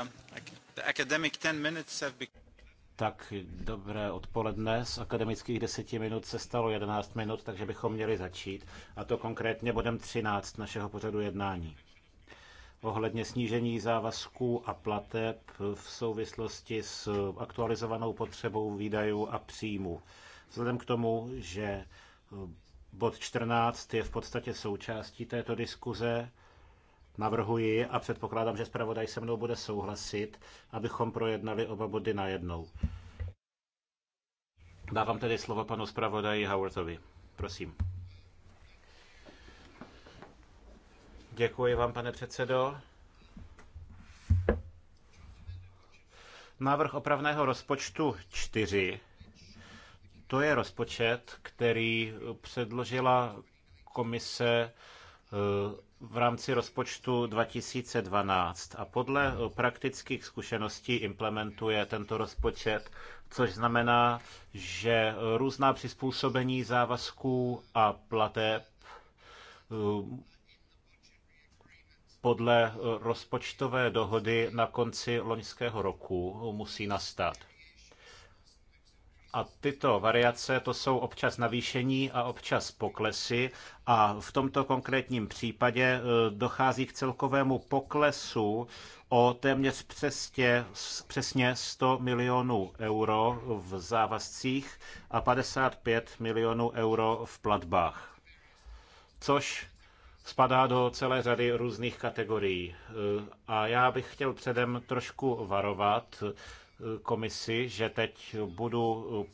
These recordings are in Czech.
Uh, tak dobré odpoledne. Z akademických deseti minut se stalo jedenáct minut, takže bychom měli začít. A to konkrétně bodem 13 našeho pořadu jednání. Ohledně snížení závazků a plateb v souvislosti s aktualizovanou potřebou výdajů a příjmů. Vzhledem k tomu, že eh, bod 14 je v podstatě součástí této diskuze, navrhuji a předpokládám, že zpravodaj se mnou bude souhlasit, abychom projednali oba body najednou. Dávám tedy slovo panu zpravodaji Howardovi. Prosím. Děkuji vám, pane předsedo. Návrh opravného rozpočtu 4. To je rozpočet, který předložila komise eh, v rámci rozpočtu 2012 a podle praktických zkušeností implementuje tento rozpočet, což znamená, že různá přizpůsobení závazků a plateb eh, podle rozpočtové dohody na konci loňského roku musí nastat. A tyto variace to jsou občas navýšení a občas poklesy a v tomto konkrétním případě e, dochází k celkovému poklesu o téměř přesně, přesně 100 milionů euro v závazcích a 55 milionů euro v platbách. Což spadá do celé řady různých kategorií. E, a já bych chtěl předem trošku varovat, komisi, že teď budu eh,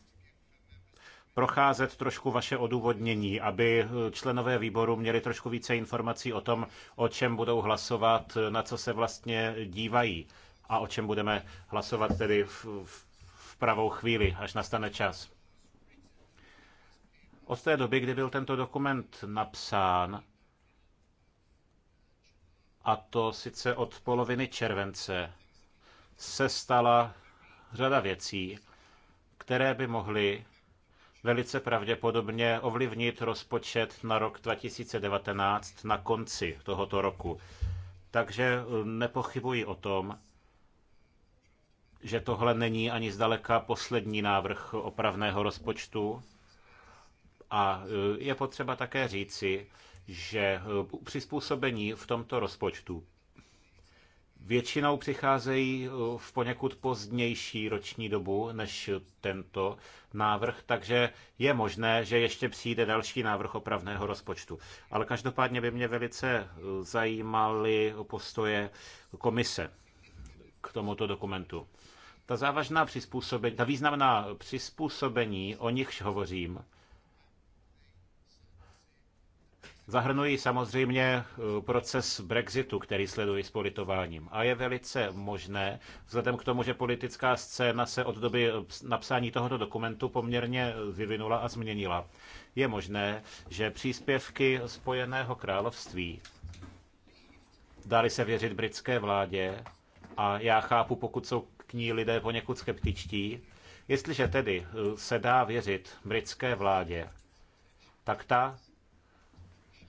procházet trošku vaše odůvodnění, aby eh, členové výboru měli trošku více informací o tom, o čem budou hlasovat, eh, na co se vlastně dívají a o čem budeme hlasovat tedy v, v, v pravou chvíli, až nastane čas. Od té doby, kdy byl tento dokument napsán, a to sice od poloviny července, se stala řada věcí, které by mohly velice pravděpodobně ovlivnit rozpočet na rok 2019 na konci tohoto roku. Takže eh, nepochybuji o tom, že tohle není ani zdaleka poslední návrh opravného rozpočtu. A eh, je potřeba také říci, že eh, přizpůsobení v tomto rozpočtu Většinou přicházejí eh, v poněkud pozdnější roční dobu než tento návrh, takže je možné, že ještě přijde další návrh opravného rozpočtu. Ale každopádně by mě velice eh, zajímaly postoje komise k tomuto dokumentu. Ta závažná přizpůsobení, ta významná přizpůsobení, o nichž hovořím, Zahrnují samozřejmě eh, proces Brexitu, který sledují s politováním. A je velice možné, vzhledem k tomu, že politická scéna se od doby eh, napsání tohoto dokumentu poměrně eh, vyvinula a změnila, je možné, že příspěvky Spojeného království dali se věřit britské vládě a já chápu, pokud jsou k ní lidé poněkud skeptičtí, Jestliže tedy se dá věřit britské vládě, tak ta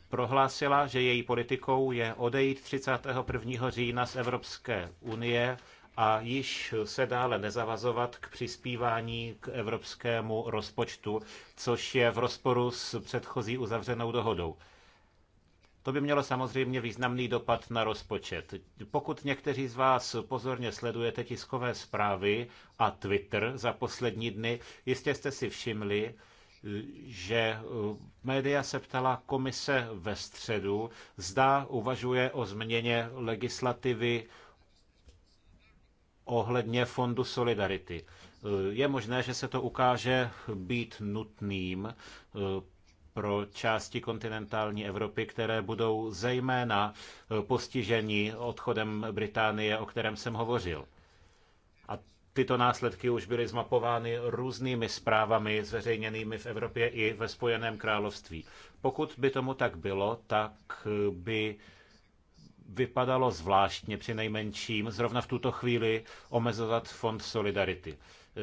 prohlásila, že její politikou je odejít 31. října z Evropské unie a již se dále nezavazovat k přispívání k evropskému rozpočtu, což je v rozporu s předchozí uzavřenou dohodou. To by mělo samozřejmě významný dopad na rozpočet. Pokud někteří z vás pozorně sledujete tiskové zprávy a Twitter za poslední dny, jistě jste si všimli, že eh, média se ptala komise ve středu, zda uvažuje o změně legislativy ohledně Fondu Solidarity. Eh, je možné, že se to ukáže být nutným eh, pro části kontinentální Evropy, které budou zejména postiženi odchodem Británie, o kterém jsem hovořil. Tyto následky už byly zmapovány různými zprávami zveřejněnými v Evropě i ve Spojeném království. Pokud by tomu tak bylo, tak by vypadalo zvláštně při nejmenším zrovna v tuto chvíli omezovat fond Solidarity.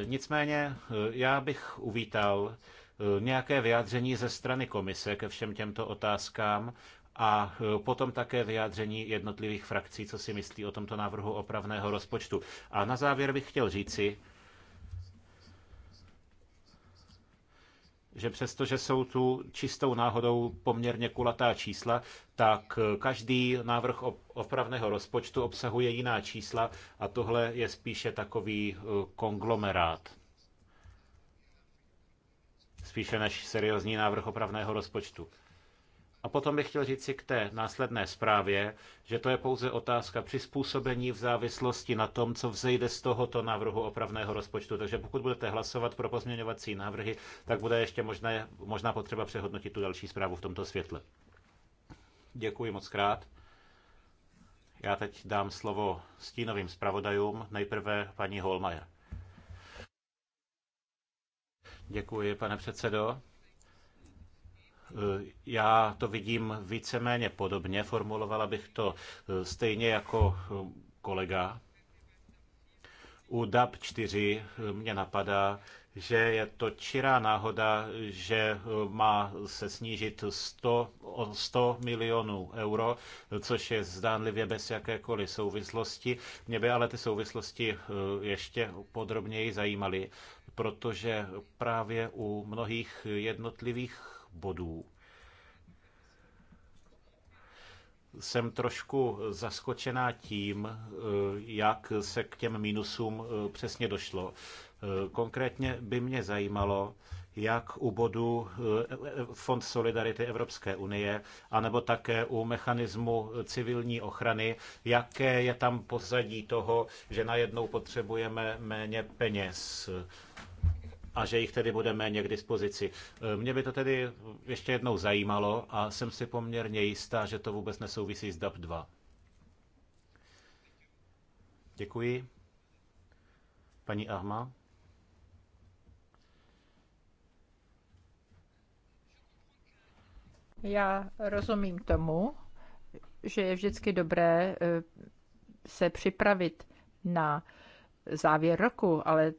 Nicméně já bych uvítal nějaké vyjádření ze strany komise ke všem těmto otázkám a e, potom také vyjádření jednotlivých frakcí, co si myslí o tomto návrhu opravného rozpočtu. A na závěr bych chtěl říci, že přestože jsou tu čistou náhodou poměrně kulatá čísla, tak e, každý návrh opravného rozpočtu obsahuje jiná čísla a tohle je spíše takový e, konglomerát. Spíše než seriózní návrh opravného rozpočtu. A potom bych chtěl říci k té následné zprávě, že to je pouze otázka přizpůsobení v závislosti na tom, co vzejde z tohoto návrhu opravného rozpočtu. Takže pokud budete hlasovat pro pozměňovací návrhy, tak bude ještě možné, možná potřeba přehodnotit tu další zprávu v tomto světle. Děkuji moc krát. Já teď dám slovo stínovým zpravodajům, nejprve paní Holmajer. Děkuji, pane předsedo. Já to vidím víceméně podobně, formulovala bych to eh, stejně jako eh, kolega. U DAP 4 eh, mě napadá, že je to čirá náhoda, že má se snížit 100, 100 milionů euro, což je zdánlivě bez jakékoliv souvislosti. Mě by ale ty souvislosti ještě podrobněji zajímaly, protože právě u mnohých jednotlivých bodů. Jsem trošku zaskočená tím, eh, jak se k těm mínusům eh, přesně došlo. Eh, konkrétně by mě zajímalo, jak u bodu Fond Solidarity Evropské unie, anebo také u mechanismu civilní ochrany, jaké je tam pozadí toho, že najednou potřebujeme méně peněz a že jich tedy bude méně k dispozici. E, mě by to tedy ještě jednou zajímalo a jsem si poměrně jistá, že to vůbec nesouvisí s DAP 2. Děkuji. Paní Ahma. Já rozumím tomu, že je vždycky dobré e, se připravit na závěr roku, ale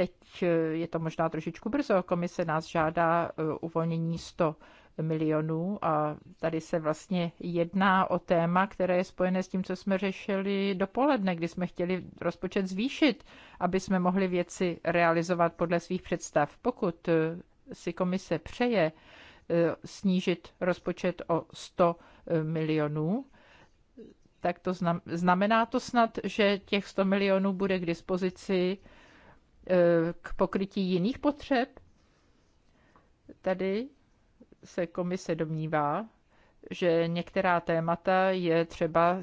Teď eh, je to možná trošičku brzo. Komise nás žádá eh, uvolnění 100 milionů a tady se vlastně jedná o téma, které je spojené s tím, co jsme řešili dopoledne, kdy jsme chtěli rozpočet zvýšit, aby jsme mohli věci realizovat podle svých představ. Pokud eh, si komise přeje snížit rozpočet o 100 milionů, tak to znamená to snad, že těch 100 milionů bude k dispozici E, k pokrytí jiných potřeb? Tady se komise domnívá, že některá témata je třeba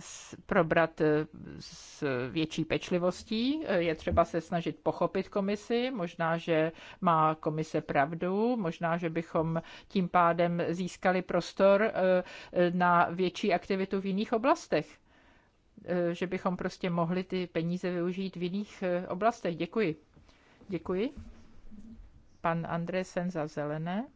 probrat e, s větší pečlivostí, e, je třeba se snažit pochopit komisi, možná, že má komise pravdu, možná, že bychom tím pádem získali prostor na větší aktivitu v jiných oblastech, že bychom prostě mohli ty peníze využít v jiných oblastech. Děkuji. Děkuji. Pan Andresen za zelené.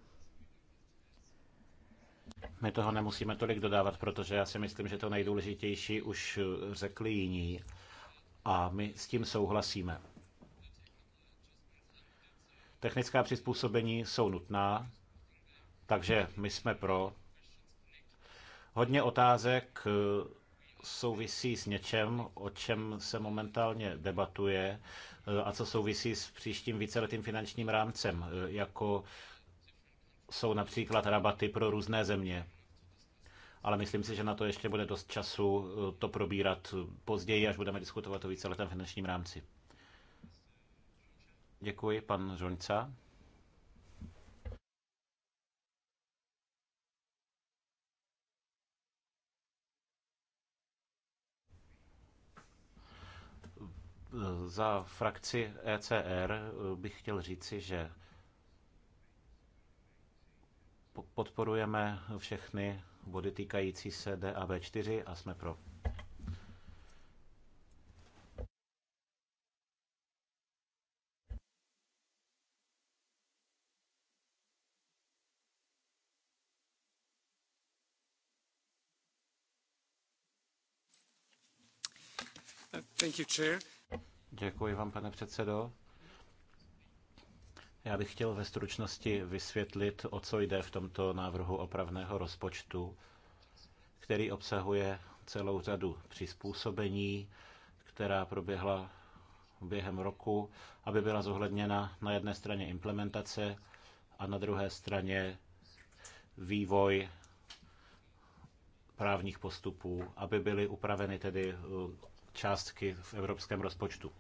My toho nemusíme tolik dodávat, protože já si myslím, že to nejdůležitější už řekli jiní a my s tím souhlasíme. Technická přizpůsobení jsou nutná, takže my jsme pro. Hodně otázek souvisí s něčem, o čem se momentálně debatuje e, a co souvisí s příštím víceletým finančním rámcem, e, jako jsou například rabaty pro různé země. Ale myslím si, že na to ještě bude dost času e, to probírat později, až budeme diskutovat o víceletém finančním rámci. Děkuji, pan Žonca. Za frakci ECR eh, bych chtěl říci, že podporujeme všechny body týkající se DAB 4 a jsme pro. Thank you, Chair. Děkuji vám, pane předsedo. Já bych chtěl ve stručnosti vysvětlit, o co jde v tomto návrhu opravného rozpočtu, který obsahuje celou řadu přizpůsobení, která proběhla během roku, aby byla zohledněna na jedné straně implementace a na druhé straně vývoj právních postupů, aby byly upraveny tedy eh, částky v evropském rozpočtu.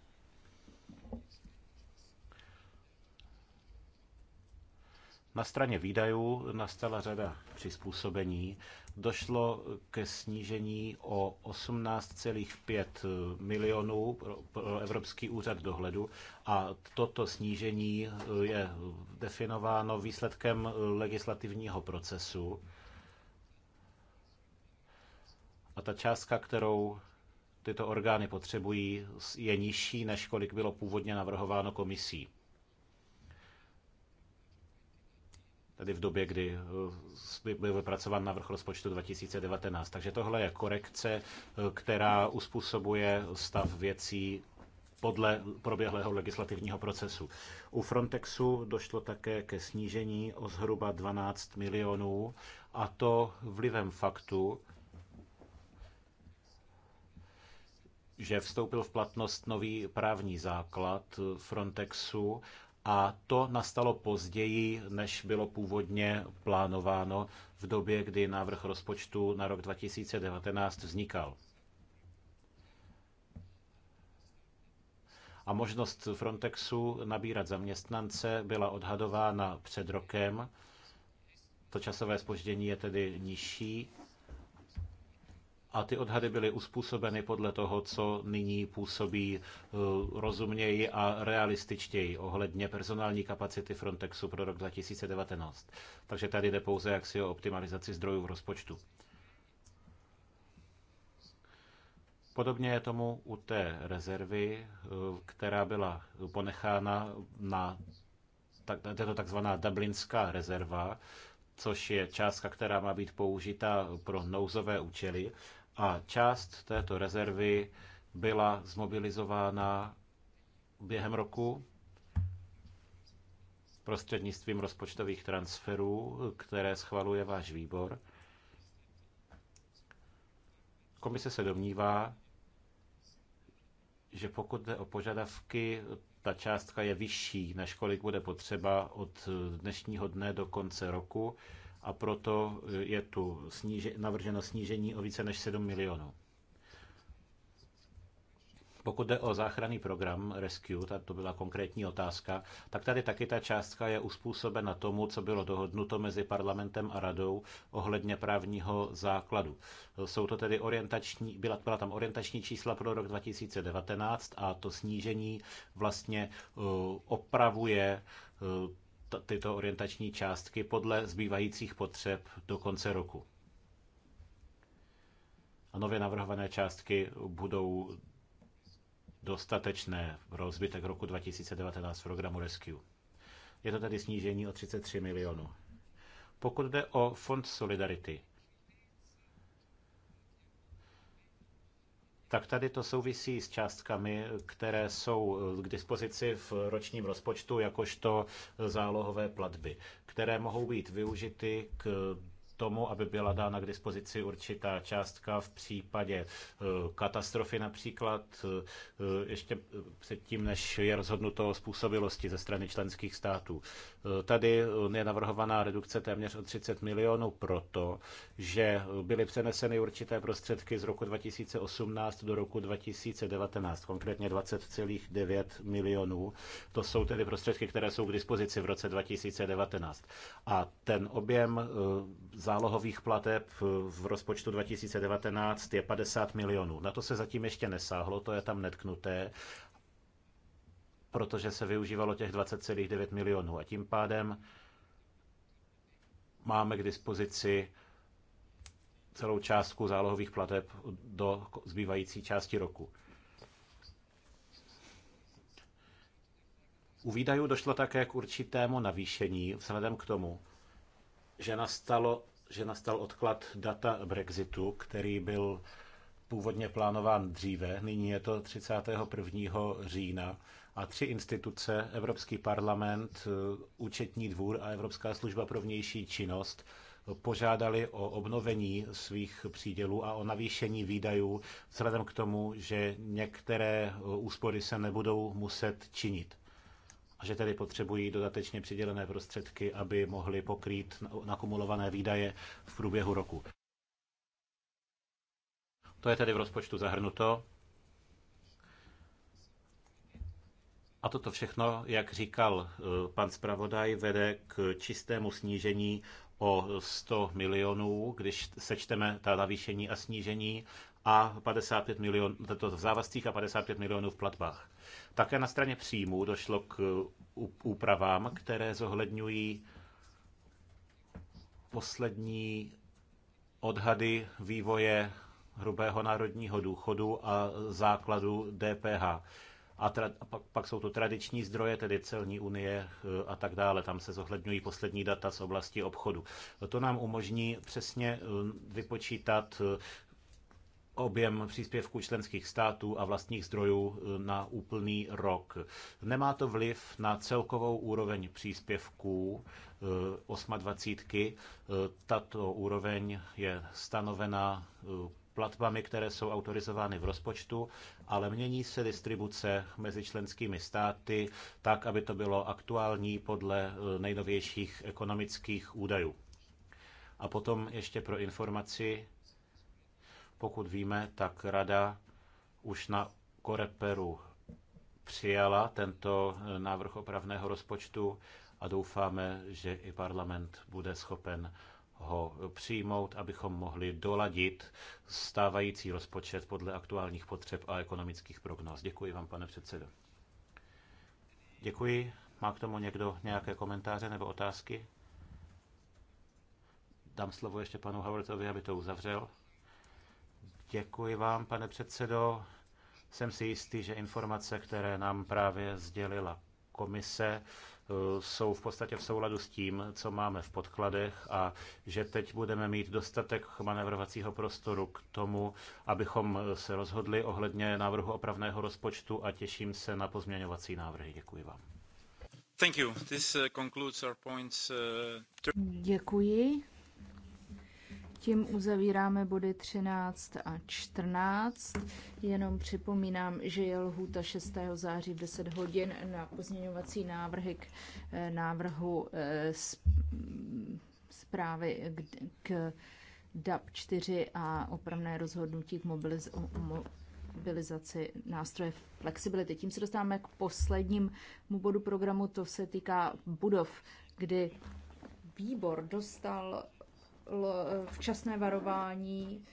Na straně výdajů nastala řada přizpůsobení. Došlo ke snížení o 18,5 milionů pro Evropský úřad dohledu a toto snížení je definováno výsledkem legislativního procesu. A ta částka, kterou tyto orgány potřebují, je nižší, než kolik bylo původně navrhováno komisí. tedy v době, kdy eh, byl vypracován návrh rozpočtu 2019. Takže tohle je korekce, eh, která uspůsobuje stav věcí podle proběhlého legislativního procesu. U Frontexu došlo také ke snížení o zhruba 12 milionů, a to vlivem faktu, že vstoupil v platnost nový právní základ eh, Frontexu a to nastalo později, než bylo původně plánováno v době, kdy návrh rozpočtu na rok 2019 vznikal. A možnost Frontexu nabírat zaměstnance byla odhadována před rokem. To časové spoždění je tedy nižší a ty odhady byly uspůsobeny podle toho, co nyní působí eh, rozumněji a realističtěji ohledně personální kapacity Frontexu pro rok 2019. Takže tady jde pouze jaksi o optimalizaci zdrojů v rozpočtu. Podobně je tomu u té rezervy, eh, která byla ponechána na této takzvaná Dublinská rezerva, což je částka, která má být použita pro nouzové účely a část této rezervy byla zmobilizována během roku prostřednictvím rozpočtových transferů, které schvaluje váš výbor. Komise se domnívá, že pokud jde o požadavky, ta částka je vyšší, než kolik bude potřeba od dnešního dne do konce roku a proto je tu sníže, navrženo snížení o více než 7 milionů. Pokud jde o záchranný program Rescue, tak to byla konkrétní otázka, tak tady taky ta částka je uspůsobena tomu, co bylo dohodnuto mezi parlamentem a radou ohledně právního základu. Jsou to tedy orientační, byla, byla tam orientační čísla pro rok 2019 a to snížení vlastně uh, opravuje uh, tyto orientační částky podle zbývajících potřeb do konce roku. A nově navrhované částky budou dostatečné pro zbytek roku 2019 v programu Rescue. Je to tedy snížení o 33 milionů. Pokud jde o Fond Solidarity, tak tady to souvisí s částkami, které jsou eh, k dispozici v ročním rozpočtu jakožto eh, zálohové platby, které mohou být využity k tomu, aby byla dána k dispozici určitá částka v případě eh, katastrofy například, eh, eh, ještě předtím, než je rozhodnuto o způsobilosti ze strany členských států. Tady je navrhovaná redukce téměř o 30 milionů proto, že byly přeneseny určité prostředky z roku 2018 do roku 2019, konkrétně 20,9 milionů. To jsou tedy prostředky, které jsou k dispozici v roce 2019. A ten objem za zálohových plateb v rozpočtu 2019 je 50 milionů. Na to se zatím ještě nesáhlo, to je tam netknuté, protože se využívalo těch 20,9 milionů. A tím pádem máme k dispozici celou částku zálohových plateb do zbývající části roku. U výdajů došlo také k určitému navýšení vzhledem k tomu, že nastalo že nastal odklad data Brexitu, který byl původně plánován dříve, nyní je to 31. října a tři instituce, Evropský parlament, Účetní dvůr a Evropská služba pro vnější činnost, požádali o obnovení svých přídělů a o navýšení výdajů vzhledem k tomu, že některé úspory se nebudou muset činit a že tedy potřebují dodatečně přidělené prostředky, aby mohli pokrýt nakumulované výdaje v průběhu roku. To je tedy v rozpočtu zahrnuto. A toto všechno, jak říkal eh, pan zpravodaj, vede k čistému snížení o 100 milionů, když sečteme ta navýšení a snížení a 55 milionů, to v závazcích a 55 milionů v platbách. Také na straně příjmů došlo k uh, úpravám, které zohledňují poslední odhady vývoje hrubého národního důchodu a základu DPH. A tra- a pak, pak jsou to tradiční zdroje, tedy celní unie uh, a tak dále. Tam se zohledňují poslední data z oblasti obchodu. To nám umožní přesně uh, vypočítat objem příspěvků členských států a vlastních zdrojů e, na úplný rok. Nemá to vliv na celkovou úroveň příspěvků 28. E, e, tato úroveň je stanovena platbami, které jsou autorizovány v rozpočtu, ale mění se distribuce mezi členskými státy tak, aby to bylo aktuální podle nejnovějších ekonomických údajů. A potom ještě pro informaci, pokud víme, tak rada už na Koreperu přijala tento návrh opravného rozpočtu a doufáme, že i parlament bude schopen ho přijmout, abychom mohli doladit stávající rozpočet podle aktuálních potřeb a ekonomických prognóz. Děkuji vám, pane předsedo. Děkuji. Má k tomu někdo nějaké komentáře nebo otázky? Dám slovo ještě panu Howardovi, aby to uzavřel. Děkuji vám, pane předsedo. Jsem si jistý, že informace, které nám právě sdělila komise, eh, jsou v podstatě v souladu s tím, co máme v podkladech a že teď budeme mít dostatek manevrovacího prostoru k tomu, abychom se rozhodli ohledně návrhu opravného rozpočtu a těším se na pozměňovací návrhy. Děkuji vám. Thank you. This uh, concludes our points. Uh, Děkuji. Tím uzavíráme body 13 a 14. Jenom připomínám, že je lhůta 6. září v 10 hodin na pozměňovací návrhy k eh, návrhu eh, zprávy k DAP 4 a opravné rozhodnutí k mobilizaci nástroje flexibility. Tím se dostáváme k poslednímu bodu programu, to se týká budov, kdy výbor dostal včasné varování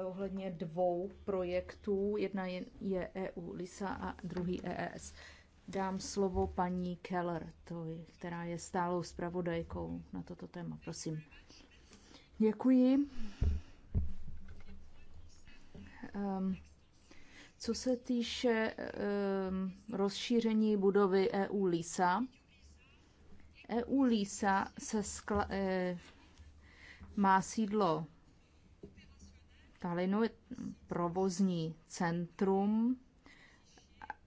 eh, ohledně dvou projektů. Jedna je EU e LISA a druhý EES. Dám slovo paní Keller, to je, která je stálou zpravodajkou na toto téma. Prosím. Děkuji. Um, co se týče um, rozšíření budovy EU LISA, EU LISA se skla- eh, má sídlo Talinu, provozní centrum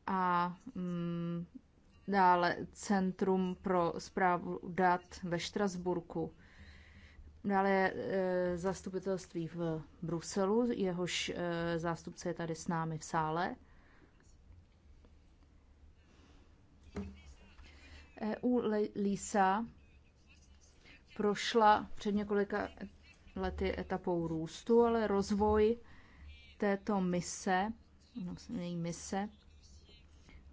a mm, dále Centrum pro zprávu dat ve Štrasburku. Dále je e, zastupitelství v Bruselu, jehož e, zástupce je tady s námi v sále. EU LISA prošla před několika lety etapou růstu, ale rozvoj této mise, no, její mise,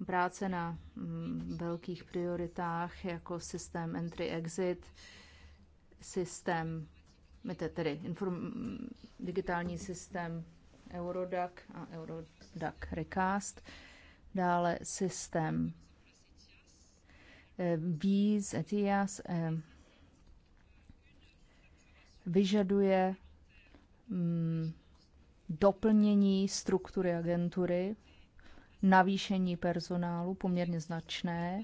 práce na mm, velkých prioritách jako systém entry-exit, systém, tedy inform, digitální systém Eurodac a Eurodac Recast, dále systém eh, víz, ETIAS, eh, vyžaduje mm, doplnění struktury agentury, navýšení personálu poměrně značné,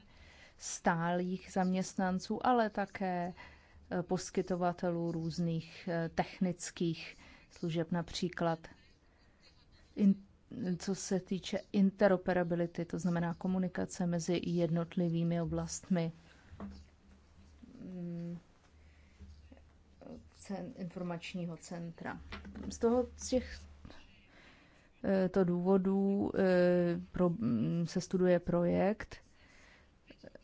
stálých zaměstnanců, ale také e, poskytovatelů různých e, technických služeb, například in, co se týče interoperability, to znamená komunikace mezi jednotlivými oblastmi informačního centra. Z toho z těch eh, to důvodů eh, pro, mm, se studuje projekt,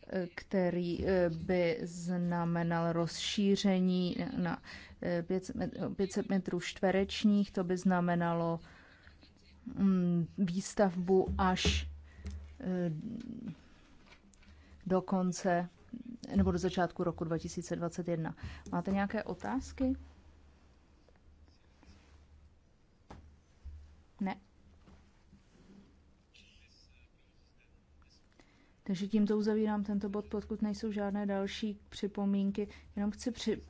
eh, který by znamenal rozšíření na 500 metrů čtverečních, to by znamenalo mm, výstavbu až do konce nebo do začátku roku 2021. Máte nějaké otázky? Ne. Takže tímto uzavírám tento bod, pokud nejsou žádné další připomínky. Jenom chci při,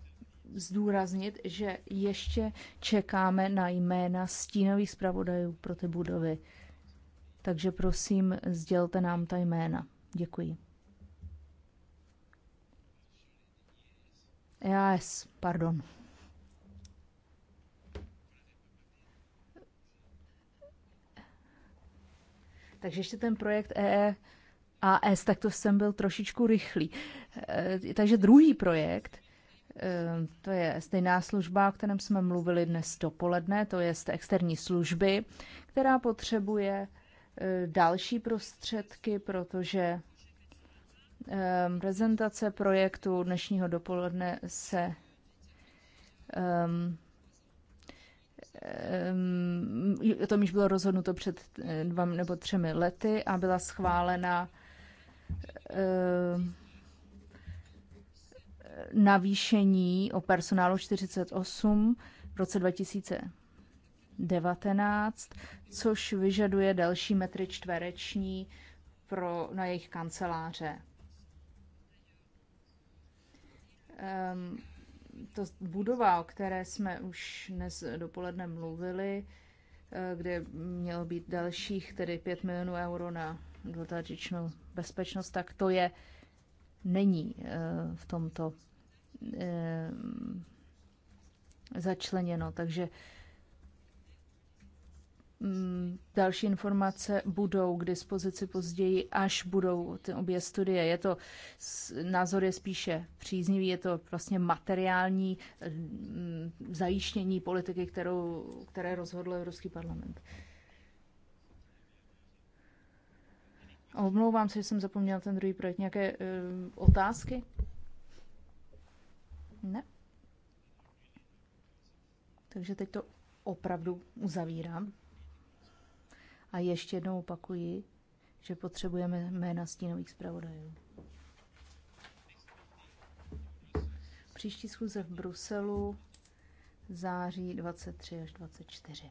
zdůraznit, že ještě čekáme na jména stínových zpravodajů pro ty budovy. Takže prosím, sdělte nám ta jména. Děkuji. EAS, pardon. Takže ještě ten projekt EE e a S, tak to jsem byl trošičku rychlý. E, takže druhý projekt, e, to je stejná služba, o kterém jsme mluvili dnes dopoledne, to je z externí služby, která potřebuje další prostředky, protože um, prezentace projektu dnešního dopoledne se um, um, o tom již bylo rozhodnuto před eh, dva nebo třemi lety a byla schválena um, navýšení o personálu 48 v roce 2019, což vyžaduje další metry čtvereční pro, na jejich kanceláře. um, to budova, o které jsme už dnes dopoledne mluvili, eh, kde mělo být dalších tedy 5 milionů euro na dotačnou bezpečnost, tak to je není eh, v tomto ehm, začleněno. Takže Mm, další informace budou k dispozici později, až budou ty obě studie. Je to, názor je spíše příznivý, je to vlastně materiální mm, zajištění politiky, kterou, které rozhodl Evropský parlament. Omlouvám se, že jsem zapomněla ten druhý projekt. Nějaké uh, otázky? Ne. Takže teď to opravdu uzavírám. A ještě jednou opakuji, že potřebujeme jména stínových zpravodajů. Příští schůze v Bruselu září 23 až 24.